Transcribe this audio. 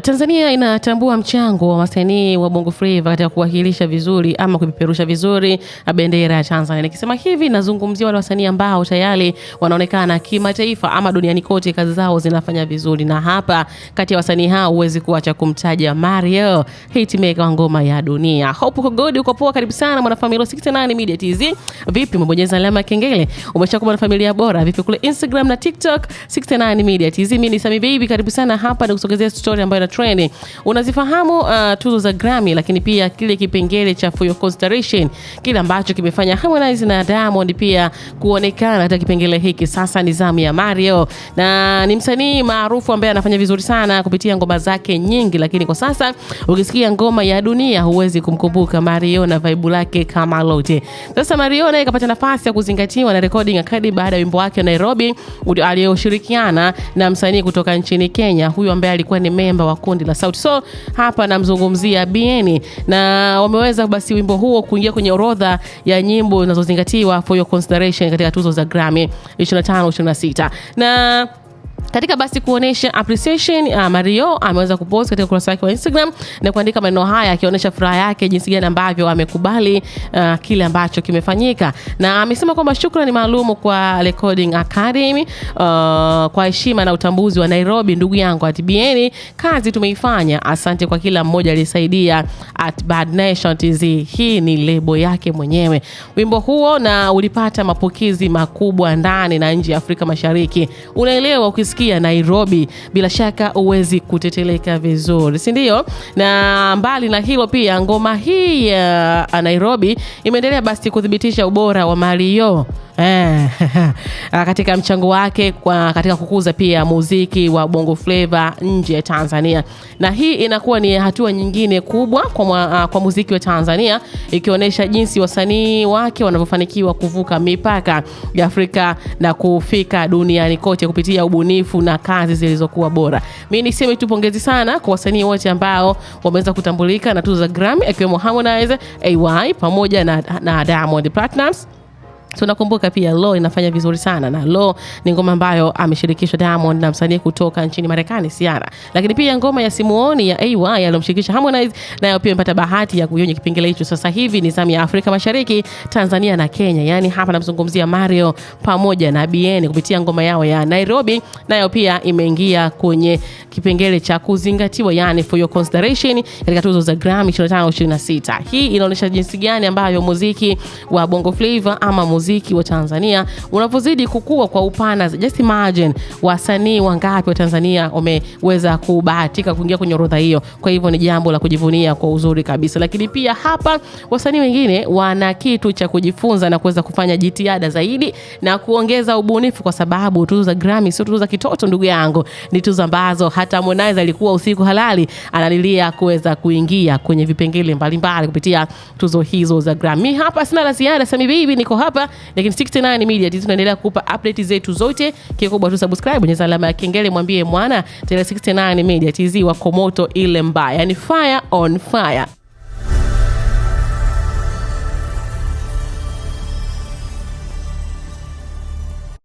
Tanzania inatambua mchango wa wasanii wa Bongo Flava katika kuwakilisha vizuri ama kupeperusha vizuri bendera ya Tanzania. Nikisema hivi nazungumzia wale wasanii ambao tayari wanaonekana kimataifa ama duniani kote, kazi zao zinafanya vizuri, na hapa kati ya wasanii hao huwezi kuacha kumtaja Mario hitmaker wa ngoma ya dunia. Hope good, uko poa, karibu sana mwanafamilia 68 Media TZ. Vipi, umebonyeza alama ya kengele, umeshakuwa mwanafamilia bora? Vipi kule Instagram na TikTok 68 Media TZ. Mimi ni Sami Baby, karibu sana hapa nikusogezea story ambayo na trend. Unazifahamu uh, tuzo za Grammy, lakini pia kile kipengele cha for your consideration, kile ambacho kimefanya Harmonize na Diamond pia kuonekana katika kipengele hiki. Sasa ni zamu ya Mario, na ni msanii maarufu ambaye anafanya vizuri sana kupitia ngoma zake nyingi, lakini kwa sasa ukisikia ngoma ya dunia huwezi kumkumbuka Mario na vibe lake kama lote. Sasa Mario naye kapata nafasi ya kuzingatiwa na Recording Academy baada ya wimbo wake Nairobi aliyoshirikiana na msanii kutoka nchini Kenya, huyu ambaye alikuwa ni memba wa kundi la Sauti Sol, hapa namzungumzia Bieni na wameweza basi wimbo huo kuingia kwenye orodha ya nyimbo zinazozingatiwa for your consideration katika tuzo za Grammy 25 26 na katika basi kuonesha appreciation uh, Mario ameweza kupost katika ukurasa wake wa Instagram na kuandika maneno haya akionyesha furaha yake jinsi gani ambavyo amekubali uh, kile ambacho kimefanyika, na amesema kwamba shukrani maalum kwa Recording Academy uh, kwa heshima na utambuzi wa Nairobi, ndugu yangu at BN, kazi tumeifanya. Asante kwa kila mmoja aliyesaidia at Bad Nation TZ. Hii ni lebo yake mwenyewe wimbo huo, na ulipata mapokezi makubwa ndani na nje ya Afrika Mashariki. Unaelewa ukisikia kufikia Nairobi, bila shaka huwezi kuteteleka vizuri, si ndio? Na mbali na hilo pia ngoma hii ya Nairobi imeendelea basi kuthibitisha ubora wa Mario Eh, ah, katika mchango wake kwa katika kukuza pia muziki wa Bongo Flava nje ya Tanzania, na hii inakuwa ni hatua nyingine kubwa kwa, mwa, ah, kwa muziki wa Tanzania ikionyesha jinsi wasanii wake wanavyofanikiwa kuvuka mipaka ya Afrika na kufika duniani kote kupitia ubunifu na kazi zilizokuwa bora. Mi niseme tu pongezi sana kwa wasanii wote ambao wameweza kutambulika na tuzo za Grammy akiwemo Harmonize, AY pamoja na, na Diamond Platnumz. Tunakumbuka pia Lo inafanya vizuri sana na Lo ni ngoma ambayo ameshirikisha Diamond na msanii kutoka nchini Marekani siara Lakini pia ngoma ya Simuoni ya AY aliyomshirikisha Harmonize nayo pia imepata bahati ya kuionya kipengele hicho. Sasa hivi ni zamu ya Afrika Mashariki, Tanzania na Kenya. Yaani hapa namzungumzia Mario pamoja na BN kupitia ngoma yao ya Nairobi, nayo pia imeingia kwenye kipengele cha kuzingatiwa, yani for your consideration katika tuzo za Grammy 25 Hii inaonyesha jinsi gani ambayo muziki wa Bongo Flava ama muziki muziki wa Tanzania unapozidi kukua kwa upana. Just imagine wasanii wangapi wa Tanzania wameweza kubahatika kuingia kwenye orodha hiyo. Kwa hivyo ni jambo la kujivunia kwa uzuri kabisa, lakini pia hapa wasanii wengine wana kitu cha kujifunza na kuweza kufanya jitihada zaidi na kuongeza ubunifu, kwa sababu tuzo za Grammy sio tuzo za kitoto, ndugu yangu, ni tuzo ambazo hata Harmonize alikuwa usiku halali analilia kuweza kuingia kwenye vipengele mbalimbali kupitia tuzo hizo za Grammy. Hapa sina la ziada, Sami Bibi niko hapa lakini 69 Media tunaendelea kukupa update zetu zote. Kikubwa tu subscribe, bonyeza alama ya kengele, mwambie mwana tena 69 Media TZ wa komoto ile mbaya, yani fire on fire.